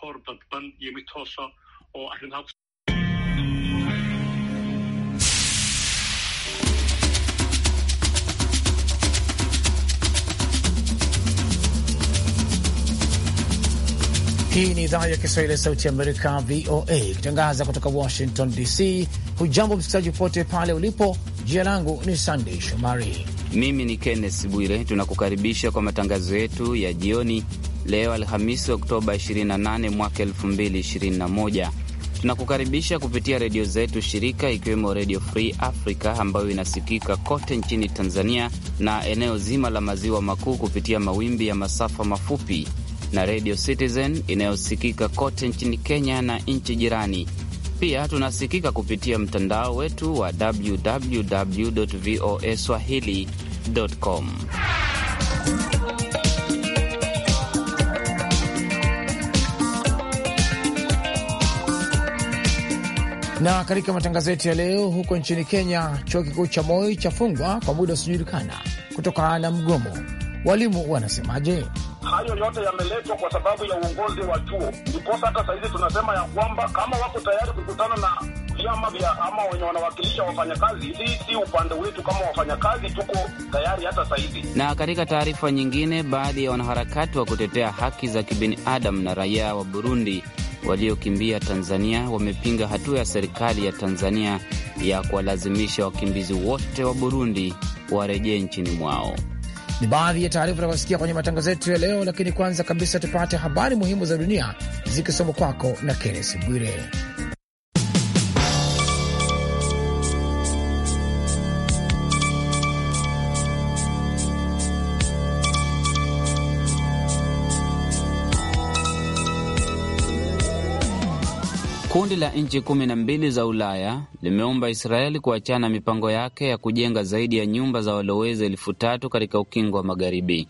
hor iyo mid oo Hii ni idhaa ya Kiswahili ya Sauti ya Amerika, VOA, ikitangaza kutoka Washington DC. Hujambo msikilizaji popote pale ulipo. Jina langu ni Sandey Shomari mimi ni Kenneth Bwire, tunakukaribisha kwa matangazo yetu ya jioni leo Alhamisi, Oktoba 28 mwaka 2021. Tunakukaribisha kupitia redio zetu shirika ikiwemo Redio Free Africa ambayo inasikika kote nchini Tanzania na eneo zima la maziwa makuu kupitia mawimbi ya masafa mafupi na Redio Citizen inayosikika kote nchini Kenya na nchi jirani pia tunasikika kupitia mtandao wetu wa www voa swahili com. Na katika matangazo yetu ya leo, huko nchini Kenya, chuo kikuu cha Moi chafungwa kwa muda usiojulikana kutokana na mgomo. Walimu wanasemaje? hayo yote yameletwa kwa sababu ya uongozi wa chuo. Ndiposa hata sahizi tunasema ya kwamba kama wako tayari kukutana na vyama vya ama wenye wanawakilisha wafanyakazi, si upande wetu kama wafanyakazi tuko tayari hata sahizi. Na katika taarifa nyingine, baadhi ya wanaharakati wa kutetea haki za kibinadamu na raia wa Burundi waliokimbia Tanzania wamepinga hatua ya serikali ya Tanzania ya kuwalazimisha wakimbizi wote wa Burundi warejee nchini mwao. Ni baadhi ya taarifa tunazosikia kwenye matangazo yetu ya leo, lakini kwanza kabisa tupate habari muhimu za dunia zikisomwa kwako na Kennes Bwire. Kundi la nchi kumi na mbili za Ulaya limeomba Israeli kuachana mipango yake ya kujenga zaidi ya nyumba za walowezi elfu tatu katika ukingo wa Magharibi.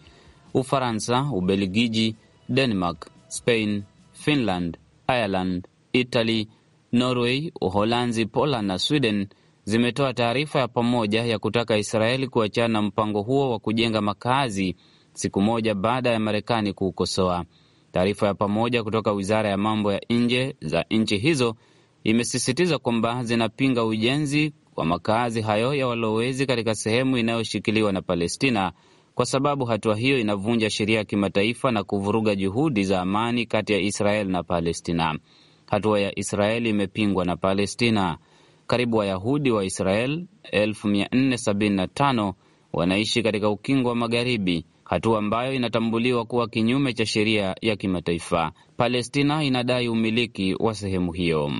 Ufaransa, Ubelgiji, Denmark, Spain, Finland, Ireland, Italy, Norway, Uholanzi, Poland na Sweden zimetoa taarifa ya pamoja ya kutaka Israeli kuachana na mpango huo wa kujenga makazi siku moja baada ya Marekani kuukosoa. Taarifa ya pamoja kutoka wizara ya mambo ya nje za nchi hizo imesisitiza kwamba zinapinga ujenzi wa makazi hayo ya walowezi katika sehemu inayoshikiliwa na Palestina kwa sababu hatua hiyo inavunja sheria ya kimataifa na kuvuruga juhudi za amani kati ya Israel na Palestina. Hatua ya Israel imepingwa na Palestina. Karibu Wayahudi wa Israel 475 wanaishi katika ukingo wa magharibi hatua ambayo inatambuliwa kuwa kinyume cha sheria ya kimataifa. Palestina inadai umiliki wa sehemu hiyo.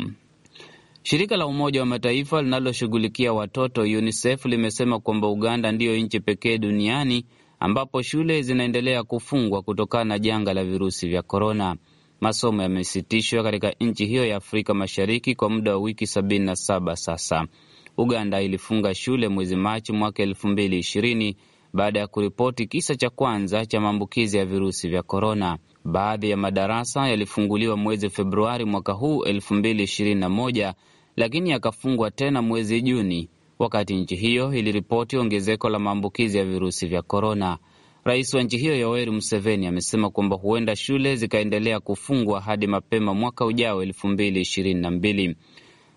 Shirika la Umoja wa Mataifa linaloshughulikia watoto UNICEF limesema kwamba Uganda ndiyo nchi pekee duniani ambapo shule zinaendelea kufungwa kutokana na janga la virusi vya korona. Masomo yamesitishwa katika nchi hiyo ya Afrika Mashariki kwa muda wa wiki 77 sasa. Uganda ilifunga shule mwezi Machi mwaka elfu mbili ishirini baada ya kuripoti kisa cha kwanza cha maambukizi ya virusi vya korona. Baadhi ya madarasa yalifunguliwa mwezi Februari mwaka huu 2021 lakini yakafungwa tena mwezi Juni wakati nchi hiyo iliripoti ongezeko la maambukizi ya virusi vya korona. Rais wa nchi hiyo Yoweri Museveni amesema kwamba huenda shule zikaendelea kufungwa hadi mapema mwaka ujao 2022.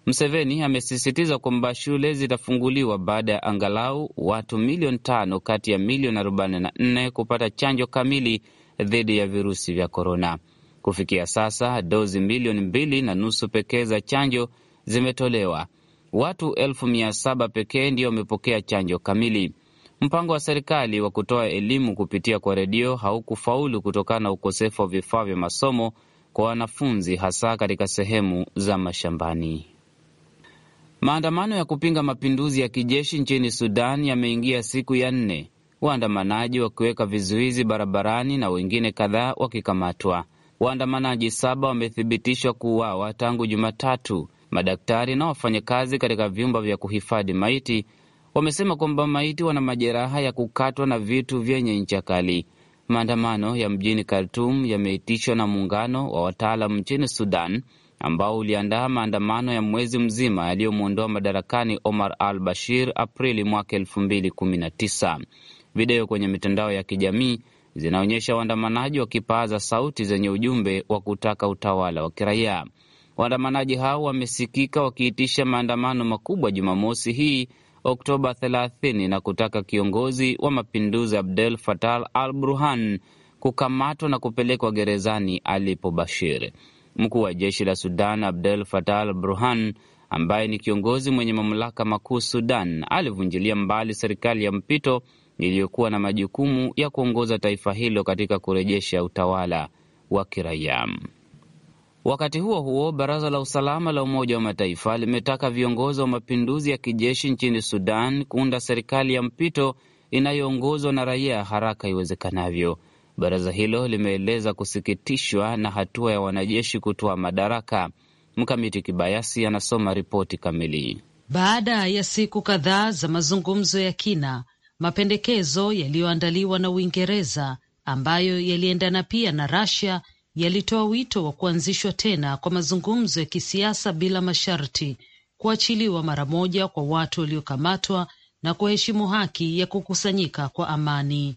Mseveni amesisitiza kwamba shule zitafunguliwa baada ya angalau watu milioni tano kati ya milioni arobaini na nne kupata chanjo kamili dhidi ya virusi vya korona. Kufikia sasa dozi milioni mbili na nusu pekee za chanjo zimetolewa. Watu elfu mia saba pekee ndio wamepokea chanjo kamili. Mpango wa serikali wa kutoa elimu kupitia kwa redio haukufaulu kutokana na ukosefu wa vifaa vya masomo kwa wanafunzi, hasa katika sehemu za mashambani. Maandamano ya kupinga mapinduzi ya kijeshi nchini Sudan yameingia siku ya nne, waandamanaji wakiweka vizuizi barabarani na wengine kadhaa wakikamatwa. Waandamanaji saba wamethibitishwa kuuawa tangu Jumatatu. Madaktari na wafanyakazi katika vyumba vya kuhifadhi maiti wamesema kwamba maiti wana majeraha ya kukatwa na vitu vyenye ncha kali. Maandamano ya mjini Khartum yameitishwa na muungano wa wataalam nchini Sudan ambao uliandaa maandamano ya mwezi mzima yaliyomwondoa madarakani Omar al Bashir Aprili mwaka elfu mbili kumi na tisa. Video kwenye mitandao ya kijamii zinaonyesha waandamanaji wakipaaza sauti zenye ujumbe wa kutaka utawala wa kiraia. Waandamanaji hao wamesikika wakiitisha maandamano makubwa Jumamosi hii Oktoba 30 na kutaka kiongozi wa mapinduzi Abdel Fattah al Burhan kukamatwa na kupelekwa gerezani alipo Bashir. Mkuu wa jeshi la Sudan Abdel Fattah al-Burhan ambaye ni kiongozi mwenye mamlaka makuu Sudan alivunjilia mbali serikali ya mpito iliyokuwa na majukumu ya kuongoza taifa hilo katika kurejesha utawala wa kiraia. Wakati huo huo, baraza la usalama la Umoja wa Mataifa limetaka viongozi wa mapinduzi ya kijeshi nchini Sudan kuunda serikali ya mpito inayoongozwa na raia haraka iwezekanavyo. Baraza hilo limeeleza kusikitishwa na hatua ya wanajeshi kutoa madaraka. Mkamiti Kibayasi anasoma ripoti kamili. Baada ya siku kadhaa za mazungumzo ya kina, mapendekezo yaliyoandaliwa na Uingereza ambayo yaliendana pia na rasia yalitoa wito wa kuanzishwa tena kwa mazungumzo ya kisiasa bila masharti, kuachiliwa mara moja kwa watu waliokamatwa na kuheshimu haki ya kukusanyika kwa amani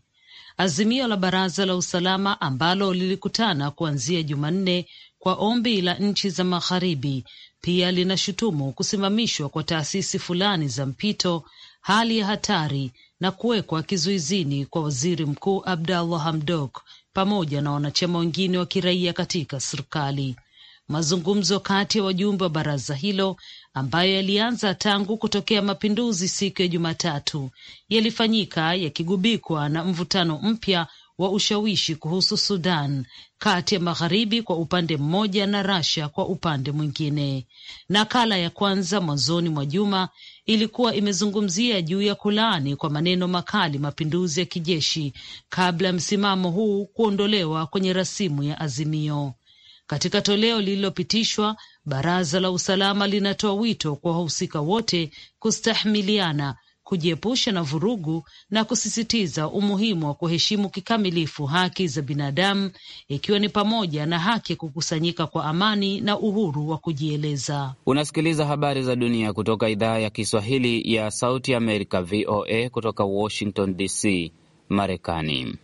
azimio la Baraza la Usalama ambalo lilikutana kuanzia Jumanne kwa ombi la nchi za Magharibi pia linashutumu kusimamishwa kwa taasisi fulani za mpito, hali ya hatari na kuwekwa kizuizini kwa waziri mkuu Abdallah Hamdok pamoja na wanachama wengine wa kiraia katika serikali mazungumzo kati ya wajumbe wa baraza hilo ambayo yalianza tangu kutokea mapinduzi siku ya Jumatatu yalifanyika yakigubikwa na mvutano mpya wa ushawishi kuhusu Sudan kati ya magharibi kwa upande mmoja na Russia kwa upande mwingine. Nakala ya kwanza mwanzoni mwa juma ilikuwa imezungumzia juu ya kulaani kwa maneno makali mapinduzi ya kijeshi kabla ya msimamo huu kuondolewa kwenye rasimu ya azimio. Katika toleo lililopitishwa, baraza la usalama linatoa wito kwa wahusika wote kustahimiliana, kujiepusha na vurugu na kusisitiza umuhimu wa kuheshimu kikamilifu haki za binadamu, ikiwa ni pamoja na haki ya kukusanyika kwa amani na uhuru wa kujieleza. Unasikiliza habari za dunia kutoka idhaa ya Kiswahili ya Sauti Amerika, VOA, kutoka Washington DC, Marekani.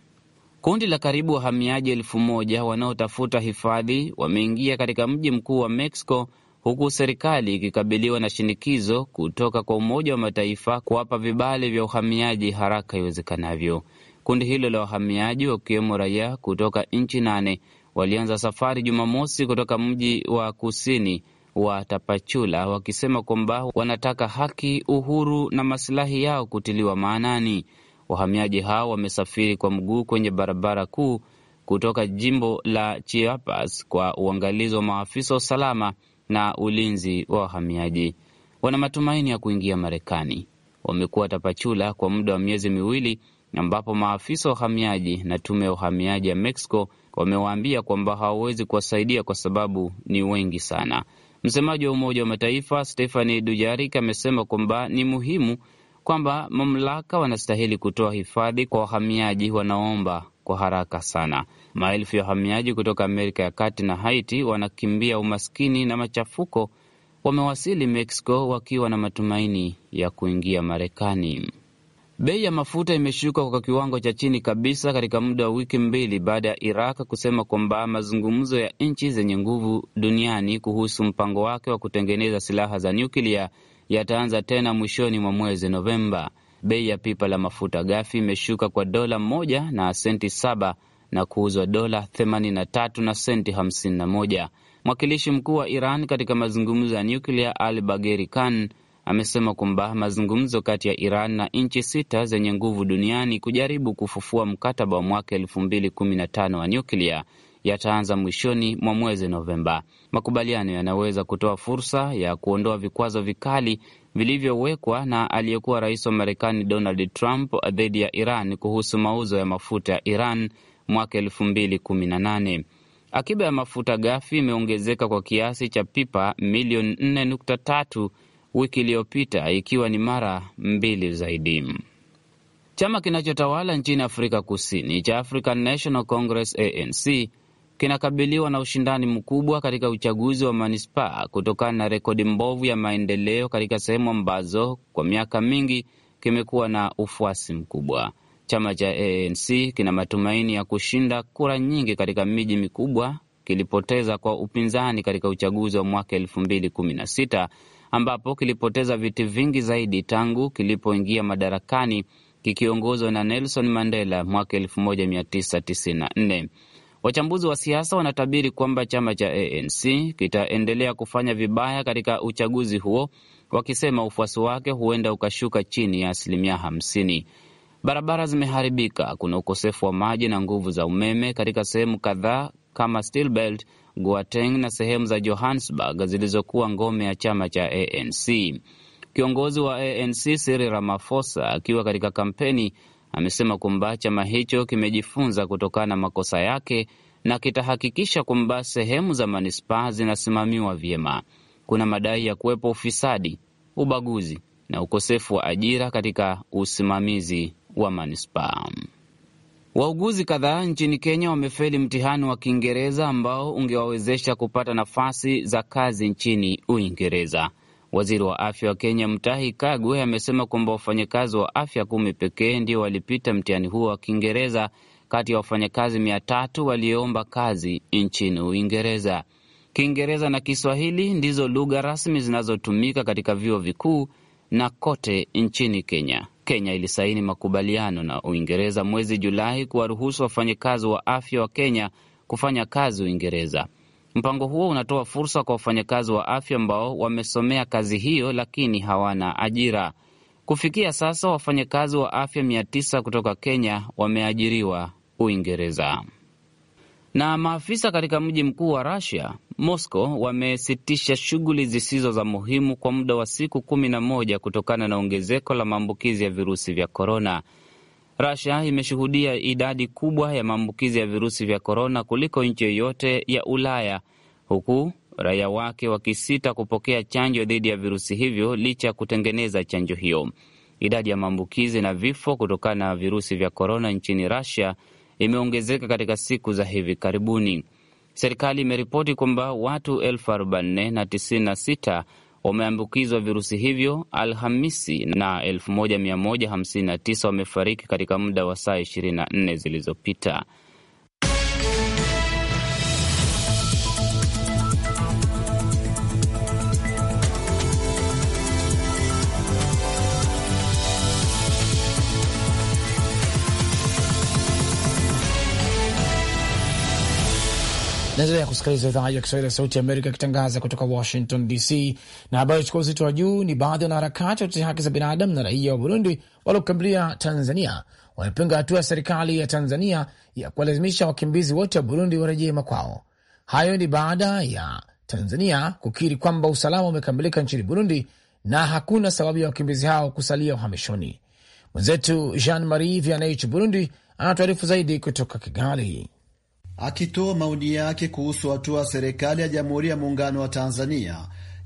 Kundi la karibu wahamiaji elfu moja wanaotafuta hifadhi wameingia katika mji mkuu wa Mexico huku serikali ikikabiliwa na shinikizo kutoka kwa Umoja wa Mataifa kuwapa vibali vya uhamiaji haraka iwezekanavyo. Kundi hilo la wahamiaji wakiwemo raia kutoka nchi nane walianza safari Jumamosi kutoka mji wa kusini wa Tapachula wakisema kwamba wanataka haki, uhuru na masilahi yao kutiliwa maanani. Wahamiaji hao wamesafiri kwa mguu kwenye barabara kuu kutoka jimbo la Chiapas kwa uangalizi wa maafisa wa usalama na ulinzi wa wahamiaji. Wana matumaini ya kuingia Marekani. Wamekuwa Tapachula kwa muda wa miezi miwili, ambapo maafisa wa uhamiaji na tume ya uhamiaji ya Mexico wamewaambia kwamba hawawezi kuwasaidia kwa sababu ni wengi sana. Msemaji wa Umoja wa Mataifa stehani dujarik amesema kwamba ni muhimu kwamba mamlaka wanastahili kutoa hifadhi kwa wahamiaji wanaoomba kwa haraka sana. Maelfu ya wahamiaji kutoka Amerika ya Kati na Haiti wanakimbia umaskini na machafuko, wamewasili Mexico wakiwa na matumaini ya kuingia Marekani. Bei ya mafuta imeshuka kwa kiwango cha chini kabisa katika muda wa wiki mbili baada ya Iraq kusema kwamba mazungumzo ya nchi zenye nguvu duniani kuhusu mpango wake wa kutengeneza silaha za nyuklia yataanza tena mwishoni mwa mwezi Novemba. Bei ya pipa la mafuta gafi imeshuka kwa dola moja na senti saba na kuuzwa dola 83 na senti hamsini na moja. Mwakilishi mkuu wa Iran katika mazungumzo ya nyuklia Al bageri Khan amesema kwamba mazungumzo kati ya Iran na nchi sita zenye nguvu duniani kujaribu kufufua mkataba wa mwaka 215 wa nyuklia yataanza mwishoni mwa mwezi Novemba. Makubaliano yanaweza kutoa fursa ya kuondoa vikwazo vikali vilivyowekwa na aliyekuwa rais wa Marekani Donald Trump dhidi ya Iran kuhusu mauzo ya mafuta ya Iran mwaka elfu mbili kumi na nane. Akiba ya mafuta ghafi imeongezeka kwa kiasi cha pipa milioni 4.3 wiki iliyopita, ikiwa ni mara mbili zaidi. Chama kinachotawala nchini Afrika Kusini cha African National Congress ANC kinakabiliwa na ushindani mkubwa katika uchaguzi wa manispaa kutokana na rekodi mbovu ya maendeleo katika sehemu ambazo kwa miaka mingi kimekuwa na ufuasi mkubwa. Chama cha ANC kina matumaini ya kushinda kura nyingi katika miji mikubwa kilipoteza kwa upinzani katika uchaguzi wa mwaka elfu mbili kumi na sita ambapo kilipoteza viti vingi zaidi tangu kilipoingia madarakani kikiongozwa na Nelson Mandela mwaka 1994. Wachambuzi wa siasa wanatabiri kwamba chama cha ANC kitaendelea kufanya vibaya katika uchaguzi huo, wakisema ufuasi wake huenda ukashuka chini ya asilimia hamsini. Barabara zimeharibika, kuna ukosefu wa maji na nguvu za umeme katika sehemu kadhaa kama Stilbelt, Gauteng na sehemu za Johannesburg zilizokuwa ngome ya chama cha ANC. Kiongozi wa ANC Cyril Ramaphosa akiwa katika kampeni amesema kwamba chama hicho kimejifunza kutokana na makosa yake na kitahakikisha kwamba sehemu za manispaa zinasimamiwa vyema. Kuna madai ya kuwepo ufisadi, ubaguzi na ukosefu wa ajira katika usimamizi wa manispaa. Wauguzi kadhaa nchini Kenya wamefeli mtihani wa Kiingereza ambao ungewawezesha kupata nafasi za kazi nchini Uingereza. Waziri wa afya wa Kenya mtahi Kagwe amesema kwamba wafanyakazi wa afya kumi pekee ndio walipita mtihani huo wa Kiingereza kati ya wafanyakazi mia tatu walioomba kazi nchini Uingereza. Kiingereza na Kiswahili ndizo lugha rasmi zinazotumika katika vyuo vikuu na kote nchini Kenya. Kenya ilisaini makubaliano na Uingereza mwezi Julai kuwaruhusu wafanyakazi wa afya wa Kenya kufanya kazi Uingereza. Mpango huo unatoa fursa kwa wafanyakazi wa afya ambao wamesomea kazi hiyo lakini hawana ajira. Kufikia sasa wafanyakazi wa afya mia kutoka Kenya wameajiriwa Uingereza. Na maafisa katika mji mkuu wa rasia Moscow wamesitisha shughuli zisizo za muhimu kwa muda wa siku kumi na moja kutokana na ongezeko la maambukizi ya virusi vya korona. Rasia imeshuhudia idadi kubwa ya maambukizi ya virusi vya korona kuliko nchi yoyote ya Ulaya, huku raia wake wakisita kupokea chanjo dhidi ya virusi hivyo licha ya kutengeneza chanjo hiyo. Idadi ya maambukizi na vifo kutokana na virusi vya korona nchini Rasia imeongezeka katika siku za hivi karibuni. Serikali imeripoti kwamba watu elfu arobaini na na tisini na sita wameambukizwa virusi hivyo Alhamisi na 1159 wamefariki katika muda wa saa 24 zilizopita. Naendelea kusikiliza idhaa ya Kiswahili ya Sauti ya Amerika ikitangaza kutoka Washington DC. Na habari chukua uzito wa juu ni baadhi ya wanaharakati watetea haki za binadamu na raia wa Burundi waliokimbilia Tanzania wamepinga hatua ya serikali ya Tanzania ya kuwalazimisha wakimbizi wote wa Burundi warejee makwao. Hayo ni baada ya Tanzania kukiri kwamba usalama umekamilika nchini Burundi na hakuna sababu ya wakimbizi hao kusalia uhamishoni. Mwenzetu Jean Marie Vianney Burundi anatuarifu zaidi kutoka Kigali akitoa maoni yake kuhusu hatua ya serikali ya Jamhuri ya Muungano wa Tanzania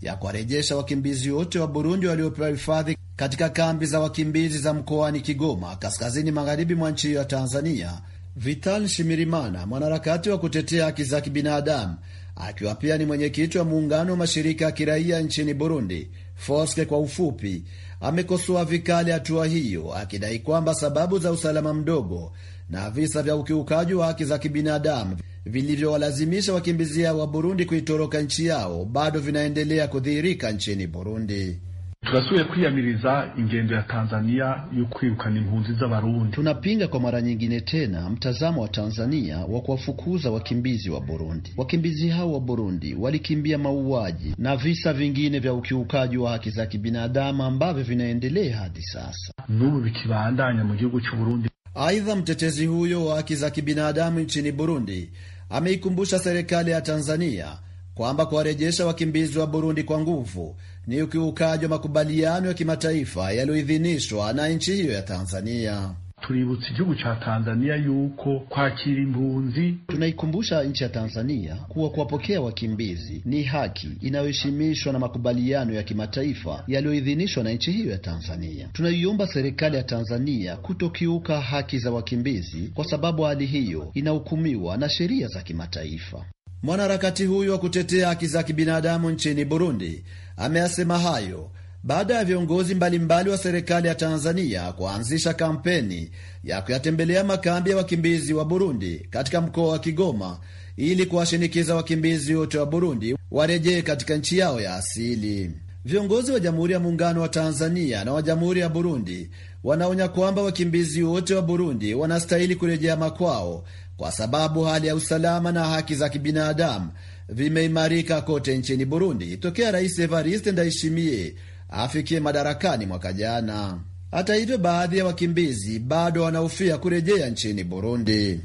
ya kuwarejesha wakimbizi wote wa Burundi waliopewa hifadhi katika kambi za wakimbizi za mkoani Kigoma, kaskazini magharibi mwa nchi hiyo ya Tanzania. Vital Shimirimana, mwanaharakati wa kutetea haki za kibinadamu, akiwa pia ni mwenyekiti wa muungano wa mashirika ya kiraia nchini Burundi, FOSKE kwa ufupi, amekosoa vikali hatua hiyo, akidai kwamba sababu za usalama mdogo na visa vya ukiukaji wa haki za kibinadamu vilivyowalazimisha wakimbizi hao wa Burundi kuitoroka nchi yao bado vinaendelea kudhihirika nchini Burundi. Tunasuye kwiyamiriza ingendo ya Tanzania yo kwirukana impunzi z'abarundi. Tunapinga kwa mara nyingine tena mtazamo wa Tanzania wa kuwafukuza wakimbizi wa Burundi. Wakimbizi hao wa Burundi walikimbia mauaji na visa vingine vya ukiukaji wa haki za kibinadamu ambavyo vinaendelea hadi sasa. N'ubu bikibandanya mu gihugu cy'u Burundi. Aidha, mtetezi huyo wa haki za kibinadamu nchini Burundi ameikumbusha serikali ya Tanzania kwamba kuwarejesha wakimbizi wa Burundi kwa nguvu ni ukiukaji wa makubaliano ya kimataifa yaliyoidhinishwa na nchi hiyo ya Tanzania. Tulibutsa igihugu cha Tanzania yuko kwakira impunzi. Tunaikumbusha nchi ya Tanzania kuwa kuwapokea wakimbizi ni haki inayoheshimishwa na makubaliano ya kimataifa yaliyoidhinishwa na nchi hiyo ya Tanzania. Tunaiomba serikali ya Tanzania kutokiuka haki za wakimbizi, kwa sababu hali hiyo inahukumiwa na sheria za kimataifa. Mwanaharakati huyo wa kutetea haki za kibinadamu nchini Burundi ameyasema hayo baada ya viongozi mbalimbali wa serikali ya Tanzania kuanzisha kampeni ya kuyatembelea makambi ya wakimbizi wa Burundi katika mkoa wa Kigoma ili kuwashinikiza wakimbizi wote wa Burundi warejee katika nchi yao ya asili. Viongozi wa Jamhuri ya Muungano wa Tanzania na wa Jamhuri ya Burundi wanaonya kwamba wakimbizi wote wa Burundi wanastahili kurejea makwao kwa sababu hali ya usalama na haki za kibinadamu vimeimarika kote nchini Burundi tokea Rais Evariste Ndayishimiye afikie madarakani mwaka jana. Hata hivyo, baadhi ya wakimbizi bado wanahofia kurejea nchini Burundi.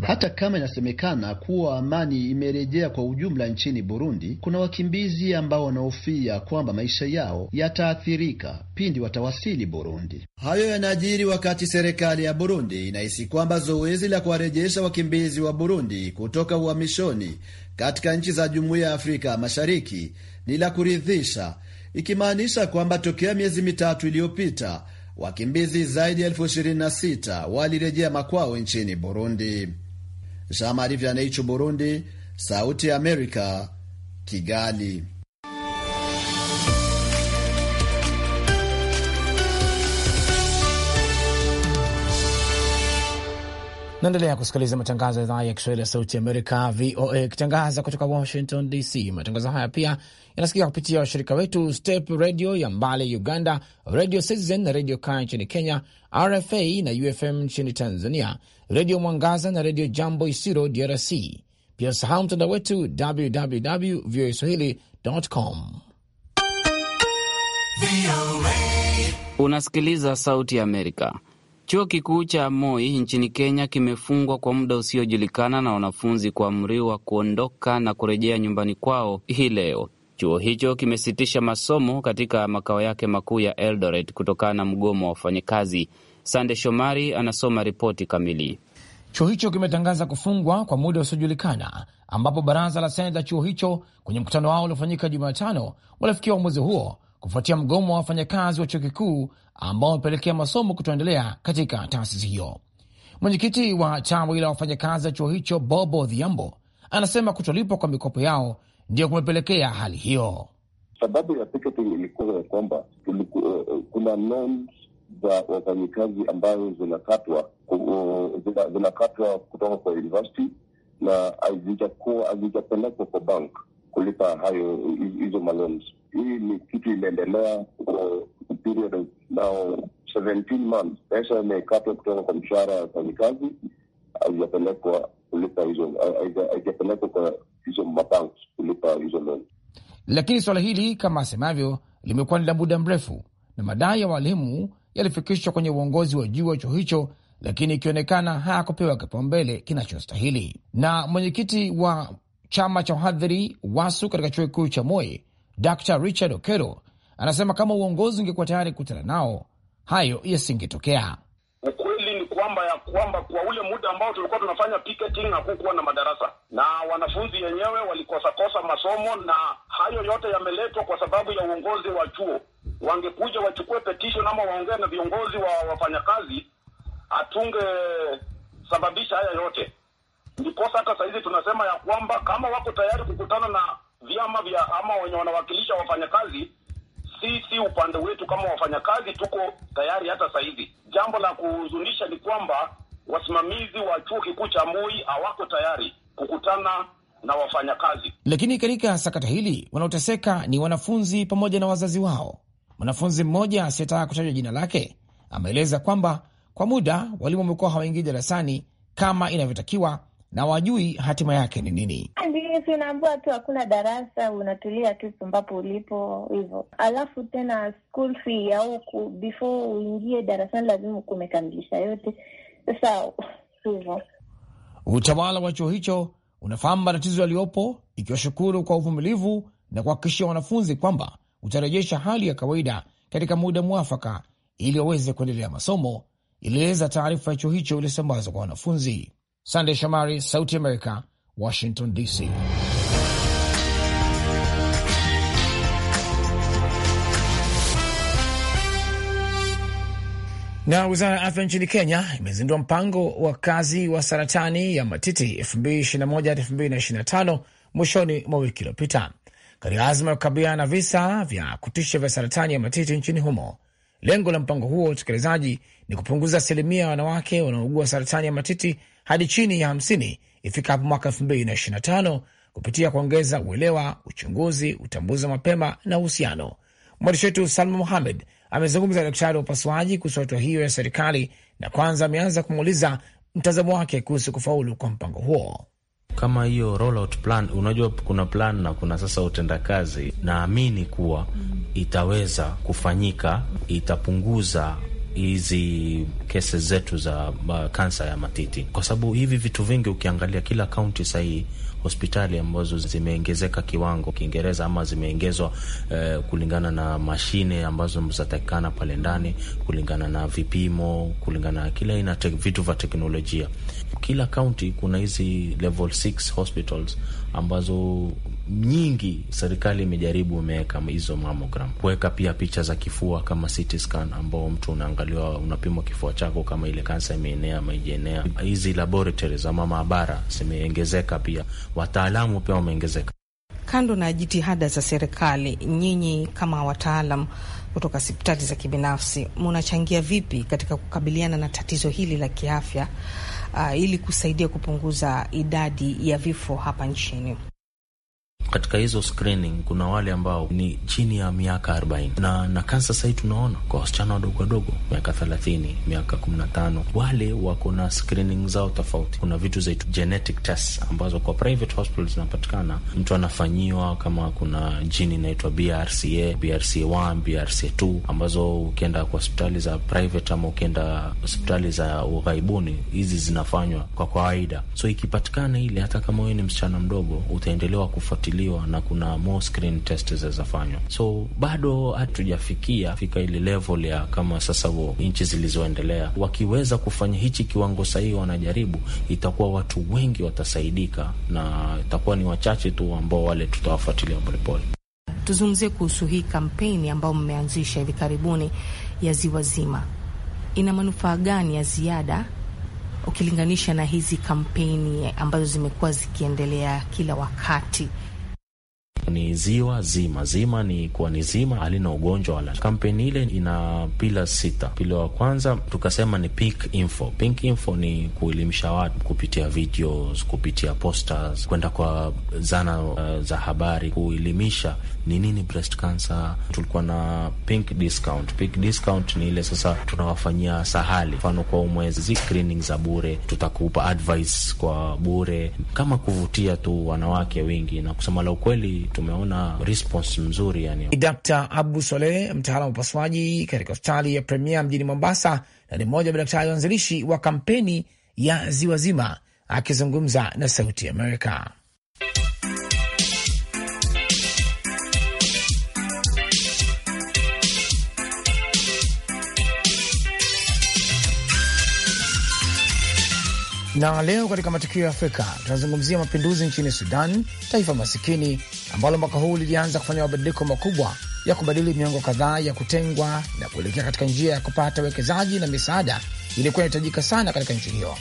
Hata kama inasemekana kuwa amani imerejea kwa ujumla nchini Burundi, kuna wakimbizi ambao wanahofia kwamba maisha yao yataathirika pindi watawasili Burundi. Hayo yanajiri wakati serikali ya Burundi inahisi kwamba zoezi la kuwarejesha wakimbizi wa Burundi kutoka uhamishoni katika nchi za Jumuiya ya Afrika Mashariki ni la kuridhisha, ikimaanisha kwamba tokea miezi mitatu iliyopita wakimbizi zaidi ya elfu ishirini na sita walirejea makwao nchini Burundi. Jean Marie Vianney, Burundi, Sauti ya Amerika, Kigali. Naendelea kusikiliza matangazo ya idhaa ya Kiswahili ya sauti Amerika, VOA, ikitangaza kutoka Washington DC. Matangazo haya pia yanasikika kupitia washirika wetu Step Radio ya Mbale Uganda, Radio Citizen na Radio Kaya nchini Kenya, RFA na UFM nchini Tanzania, Redio Mwangaza na Redio Jambo Isiro DRC. Pia usahau mtandao wetu www voa swahili.com. Unasikiliza sauti ya Amerika. Chuo kikuu cha Moi nchini Kenya kimefungwa kwa muda usiojulikana na wanafunzi kuamriwa kuondoka na kurejea nyumbani kwao hii leo. Chuo hicho kimesitisha masomo katika makao yake makuu ya Eldoret kutokana na mgomo wa wafanyakazi. Sande Shomari anasoma ripoti kamili. Chuo hicho kimetangaza kufungwa kwa muda usiojulikana, ambapo baraza la seneta chuo hicho kwenye mkutano wao uliofanyika Jumatano walifikia uamuzi huo kufuatia mgomo wa wafanyakazi wa chuo kikuu ambao wamepelekea masomo kutoendelea katika taasisi hiyo. Mwenyekiti wa tawi la wafanyakazi wa chuo hicho bobo Dhiambo anasema kutolipwa kwa mikopo yao ndiyo kumepelekea hali hiyo. Sababu ya tu ilikuwa ya kwamba eh, eh, kuna loans za wafanyikazi ambazo zinakatwa eh, zinakatwa kutoka kwa university na hazijakuwa hazijapelekwa kwa bank kulipa hayo hizo maloans. Hii ni kitu imeendelea kwa period of now 17 months. Pesa imekatwa kutoka kwa mshahara ya wafanyikazi, haijapelekwa kulipa hizo, haijapelekwa kwa hizo mabanks kulipa hizo loan. Lakini swala hili kama asemavyo limekuwa ni la muda mrefu, na madai ya walimu yalifikishwa kwenye uongozi wa juu wa chuo hicho lakini ikionekana hayakupewa kipaumbele kinachostahili. Na mwenyekiti wa chama cha wahadhiri wasu katika chuo kikuu cha Moi, Dr Richard Okero anasema kama uongozi ungekuwa tayari kukutana nao hayo yasingetokea. Ukweli ni kwamba ya kwamba kwa ule muda ambao tulikuwa tunafanya picketing hakukuwa na madarasa na wanafunzi wenyewe walikosakosa masomo, na hayo yote yameletwa kwa sababu ya uongozi wa chuo. Wangekuja wachukue petition ama waongee na viongozi wa wafanyakazi, hatungesababisha haya yote. Ndiposa hata sahizi tunasema ya kwamba kama wako tayari kukutana na vyama vya ama wenye wanawakilisha wafanyakazi, sisi upande wetu kama wafanyakazi tuko tayari hata sahizi. Jambo la kuhuzunisha ni kwamba wasimamizi wa chuo kikuu cha Moi hawako tayari kukutana na wafanyakazi. Lakini katika sakata hili wanaoteseka ni wanafunzi pamoja na wazazi wao. Mwanafunzi mmoja asiyetaka kutajwa jina lake ameeleza kwamba kwa muda walimu wamekuwa hawaingii darasani kama inavyotakiwa na wajui hatima yake ni nini. Si unaambua tu hakuna darasa, unatulia tu ambapo ulipo hivo. Alafu tena school fee au ku, before uingie darasani lazima ukuwa yote. Sasa hivyo utawala wa chuo hicho unafahamu matatizo yaliyopo, ikiwashukuru kwa uvumilivu na kuhakikishia wanafunzi kwamba utarejesha hali ya kawaida katika muda mwafaka ili waweze kuendelea masomo, ilieleza taarifa ya chuo hicho iliyosambazwa kwa wanafunzi. Sandey Shomari, Sauti Amerika, Washington DC. Na wizara ya afya nchini Kenya imezindua mpango wa kazi wa saratani ya matiti 2021-2025 mwishoni mwa wiki iliyopita katika azma ya kukabiliana na visa vya kutisha vya saratani ya matiti nchini humo. Lengo la mpango huo wa utekelezaji ni kupunguza asilimia ya wanawake wanaougua saratani ya matiti hadi chini ya 50 ifikapo mwaka elfu kupitia kuongeza uelewa, uchunguzi, utambuzi wa mapema na uhusiano. Mwandishi wetu Salma Muhamed amezungumza na daktari wa upasuaji kuhusu hatua hiyo ya serikali, na kwanza ameanza kumuuliza mtazamo wake kuhusu kufaulu kwa mpango huo kama hiyo rollout plan. Unajua, kuna plan na kuna sasa utendakazi. Naamini kuwa mm. itaweza kufanyika, itapunguza hizi kesi zetu za kansa ya matiti, kwa sababu hivi vitu vingi ukiangalia kila kaunti sahii hospitali ambazo zimeongezeka kiwango Kiingereza ama zimeongezwa eh, kulingana na mashine ambazo zinatakikana pale ndani, kulingana na vipimo, kulingana na kila aina vitu vya teknolojia. Kila kaunti kuna hizi level 6 hospitals ambazo nyingi serikali imejaribu, imeweka hizo mamogram, kuweka pia picha za kifua kama CT scan, ambao mtu unaangaliwa, unapimwa kifua chako kama ile kansa imeenea ama ijaenea. Hizi laboratories ama maabara zimeongezeka, pia wataalamu pia wameongezeka. Kando na jitihada za serikali, nyinyi kama wataalam kutoka hospitali za kibinafsi munachangia vipi katika kukabiliana na tatizo hili la kiafya, uh, ili kusaidia kupunguza idadi ya vifo hapa nchini? Katika hizo screening kuna wale ambao ni chini ya miaka arobaini na na kansa sahii tunaona kwa wasichana wadogo wadogo miaka thelathini miaka kumi na tano wale wako na screening zao tofauti. Kuna vitu zaitwa genetic tests ambazo kwa private hospital zinapatikana, mtu anafanyiwa kama kuna jini inaitwa BRCA, BRCA1, BRCA2 ambazo ukienda kwa hospitali za private ama ukienda hospitali za ughaibuni hizi zinafanywa kwa kawaida. So ikipatikana ile, hata kama wewe ni msichana mdogo utaendelewa kufuatilia kufuatiliwa na kuna more screen test zinazofanywa, so bado hatujafikia fika ile level ya kama sasa nchi zilizoendelea. Wakiweza kufanya hichi kiwango sahihi wanajaribu, itakuwa watu wengi watasaidika, na itakuwa ni wachache tu ambao wale tutawafuatilia polepole. Tuzungumzie kuhusu hii kampeni ambayo mmeanzisha hivi karibuni ya ziwa zima, ina manufaa gani ya ziada ukilinganisha na hizi kampeni ambazo zimekuwa zikiendelea kila wakati ni ziwa zima zima, ni kuwa ni zima, halina ugonjwa wala. Kampeni ile ina pila sita. Pila wa kwanza tukasema ni pink info. Pink info ni kuelimisha watu kupitia videos, kupitia posters, kwenda kwa zana uh, za habari kuelimisha ni nini breast cancer. Tulikuwa na pink discount. Pink discount ni ile sasa tunawafanyia sahali, mfano kwa umwezi screening za bure, tutakupa advice kwa bure, kama kuvutia tu wanawake wengi na kusema la ukweli tumeona response mzuri yani. Dkt Abu Soleh, mtaalam wa upasuaji katika hospitali ya Premier mjini Mombasa na ni mmoja wa madaktari waanzilishi wa kampeni ya Ziwa Zima akizungumza na Sauti Amerika. Na leo katika matukio ya Afrika tunazungumzia mapinduzi nchini Sudan, taifa masikini ambalo mwaka huu lilianza kufanya mabadiliko makubwa ya kubadili miongo kadhaa ya kutengwa na kuelekea katika njia ya kupata uwekezaji na misaada ilikuwa inahitajika sana katika nchi hiyo.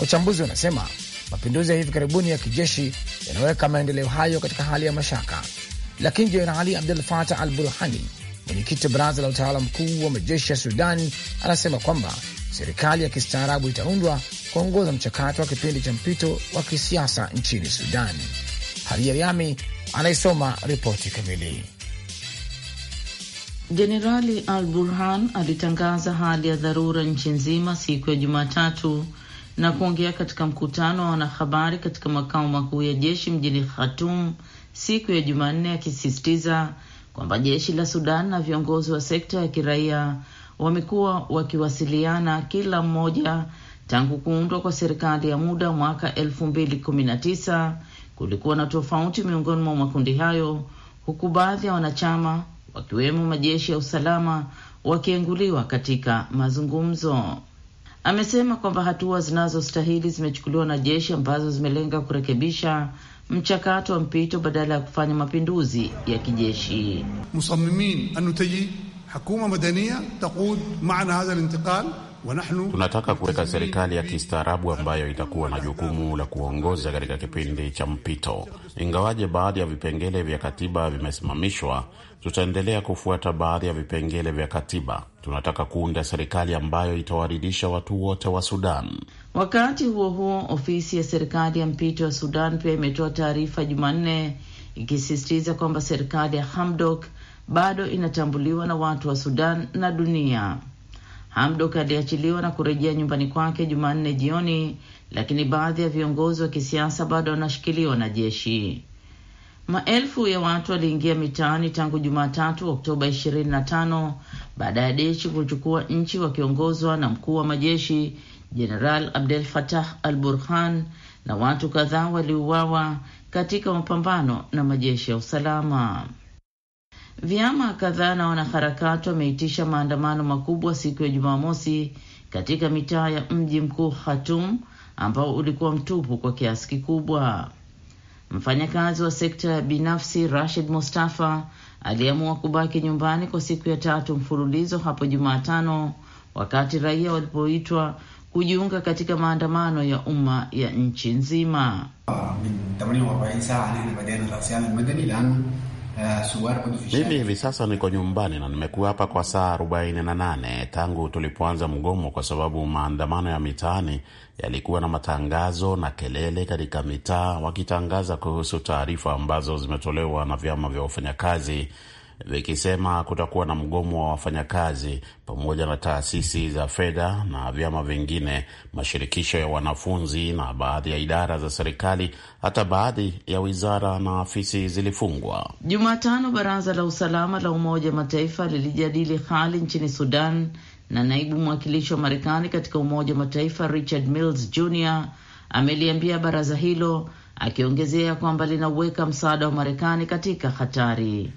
Wachambuzi wanasema mapinduzi ya hivi karibuni ya kijeshi yanaweka maendeleo hayo katika hali ya mashaka. Lakini Jenerali Abdul Fatah Al Burhani, mwenyekiti wa baraza la utawala mkuu wa majeshi ya Sudan, anasema kwamba serikali ya kistaarabu itaundwa kuongoza mchakato wa kipindi cha mpito wa kisiasa nchini Sudan. Riami anaisoma ripoti kamili. Jenerali Al Burhan alitangaza hali ya dharura nchi nzima siku ya Jumatatu na kuongea katika mkutano wa wanahabari katika makao makuu ya jeshi mjini Khartoum siku ya Jumanne, akisisitiza kwamba jeshi la Sudan na viongozi wa sekta ya kiraia wamekuwa wakiwasiliana kila mmoja Tangu kuundwa kwa serikali ya muda mwaka 219 kulikuwa na tofauti miongoni mwa makundi hayo, huku baadhi ya wanachama wakiwemo majeshi ya usalama wakienguliwa katika mazungumzo. Amesema kwamba hatua zinazostahili zimechukuliwa na jeshi ambazo zimelenga kurekebisha mchakato wa mpito badala ya kufanya mapinduzi ya kijeshi. Musamimin anutaji حكومة مدنية تقود معنا هذا الانتقال tunataka kuweka serikali ya kistaarabu ambayo itakuwa na jukumu la kuongoza katika kipindi cha mpito. Ingawaje baadhi ya vipengele vya katiba vimesimamishwa, tutaendelea kufuata baadhi ya vipengele vya katiba. Tunataka kuunda serikali ambayo itawaridisha watu wote wa Sudan. Wakati huo huo, ofisi ya serikali ya mpito ya Sudan pia imetoa taarifa Jumanne ikisisitiza kwamba serikali ya Hamdok bado inatambuliwa na watu wa Sudan na dunia. Hamdok aliachiliwa na kurejea nyumbani kwake Jumanne jioni, lakini baadhi ya viongozi wa kisiasa bado wanashikiliwa na jeshi. Maelfu ya watu waliingia mitaani tangu Jumatatu, Oktoba 25 baada ya jeshi kuchukua nchi wakiongozwa na mkuu wa majeshi Jeneral Abdel Fattah al Burhan, na watu kadhaa waliuawa katika mapambano na majeshi ya usalama. Vyama kadhaa na wanaharakati wameitisha maandamano makubwa siku ya Jumamosi katika mitaa ya mji mkuu Khartoum ambao ulikuwa mtupu kwa kiasi kikubwa. Mfanyakazi wa sekta ya binafsi Rashid Mustafa aliamua kubaki nyumbani kwa siku ya tatu mfululizo hapo Jumatano, wakati raia walipoitwa kujiunga katika maandamano ya umma ya nchi nzima. Ah, Eh, Mimi hivi sasa niko nyumbani na nimekuwa hapa kwa saa 48 tangu tulipoanza mgomo, kwa sababu maandamano ya mitaani yalikuwa na matangazo na kelele katika mitaa wakitangaza kuhusu taarifa ambazo zimetolewa na vyama vya wafanyakazi vikisema kutakuwa na mgomo wa wafanyakazi pamoja na taasisi za fedha na vyama vingine, mashirikisho ya wanafunzi na baadhi ya idara za serikali. Hata baadhi ya wizara na afisi zilifungwa Jumatano. Baraza la usalama la Umoja wa Mataifa lilijadili hali nchini Sudan na naibu mwakilishi wa Marekani katika Umoja wa Mataifa Richard Mills Jr ameliambia baraza hilo akiongezea kwamba linauweka msaada wa Marekani katika hatari.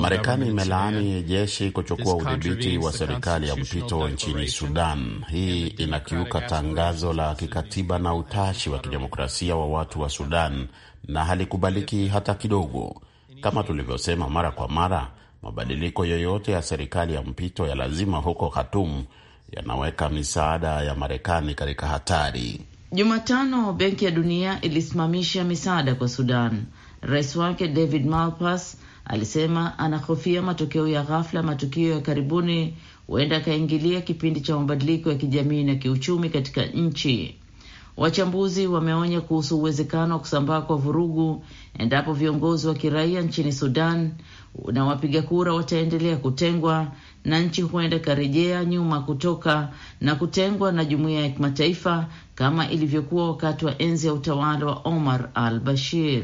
Marekani imelaani jeshi kuchukua udhibiti wa serikali ya mpito nchini Sudan. Hii inakiuka tangazo la kikatiba na utashi wa kidemokrasia wa watu wa Sudan na halikubaliki hata kidogo. Kama tulivyosema mara kwa mara, mabadiliko yoyote ya serikali ya mpito ya lazima huko Khartoum yanaweka misaada ya Marekani katika hatari. Jumatano, Benki ya Dunia ilisimamisha misaada kwa Sudan. Rais wake David Malpass alisema anahofia matokeo ya ghafla, matukio ya karibuni huenda akaingilia kipindi cha mabadiliko ya kijamii na kiuchumi katika nchi. Wachambuzi wameonya kuhusu uwezekano wa kusambaa kwa vurugu endapo viongozi wa kiraia nchini Sudan na wapiga kura wataendelea kutengwa na nchi huenda ikarejea nyuma kutoka na kutengwa na jumuiya ya kimataifa kama ilivyokuwa wakati wa enzi ya utawala wa Omar al-Bashir.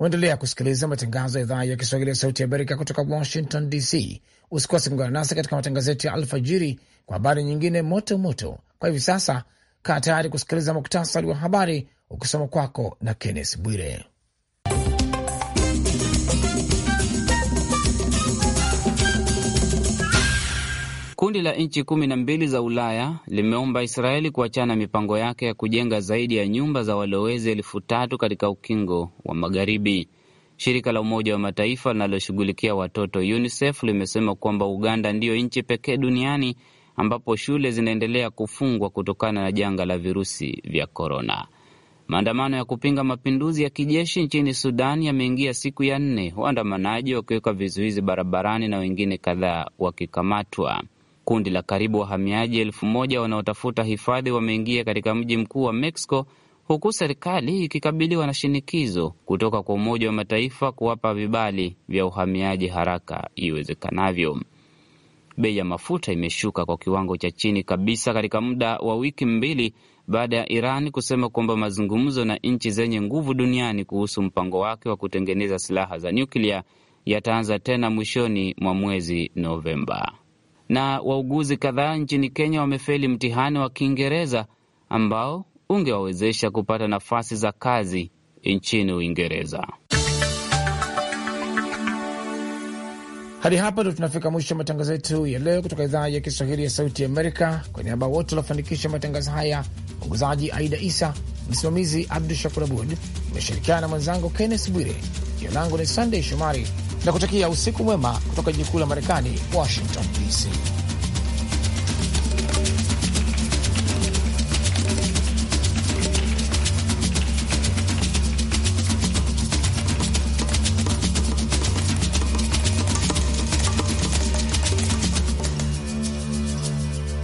uendelea kusikiliza matangazo ya idhaa ya Kiswahili ya Sauti ya Amerika kutoka Washington DC. Usikose kuungana nasi katika matangazo yetu ya alfajiri kwa habari nyingine moto moto. Kwa hivi sasa, kaa tayari kusikiliza muktasari wa habari ukisoma kwako na Kennes Bwire. Kundi la nchi kumi na mbili za Ulaya limeomba Israeli kuachana mipango yake ya kujenga zaidi ya nyumba za walowezi elfu tatu katika ukingo wa Magharibi. Shirika la Umoja wa Mataifa linaloshughulikia watoto UNICEF limesema kwamba Uganda ndiyo nchi pekee duniani ambapo shule zinaendelea kufungwa kutokana na janga la virusi vya korona. Maandamano ya kupinga mapinduzi ya kijeshi nchini Sudan yameingia siku ya nne, waandamanaji wakiweka vizuizi barabarani na wengine kadhaa wakikamatwa. Kundi la karibu wahamiaji elfu moja wanaotafuta hifadhi wameingia katika mji mkuu wa Mexico, huku serikali ikikabiliwa na shinikizo kutoka kwa Umoja wa Mataifa kuwapa vibali vya uhamiaji haraka iwezekanavyo. Bei ya mafuta imeshuka kwa kiwango cha chini kabisa katika muda wa wiki mbili baada ya Iran kusema kwamba mazungumzo na nchi zenye nguvu duniani kuhusu mpango wake wa kutengeneza silaha za nyuklia yataanza tena mwishoni mwa mwezi Novemba na wauguzi kadhaa nchini Kenya wamefeli mtihani wa Kiingereza ambao ungewawezesha kupata nafasi za kazi nchini Uingereza. Hadi hapa ndo tunafika mwisho wa matangazo yetu ya leo kutoka idhaa ya Kiswahili ya Sauti Amerika. Kwa niaba wote waliofanikisha matangazo haya, mwongozaji Aida Isa, msimamizi Abdu Shakur Abud, imeshirikiana na mwenzangu Kennes Bwire. Jina langu ni Sandey Shomari na kutakia usiku mwema kutoka jikuu la Marekani, Washington DC.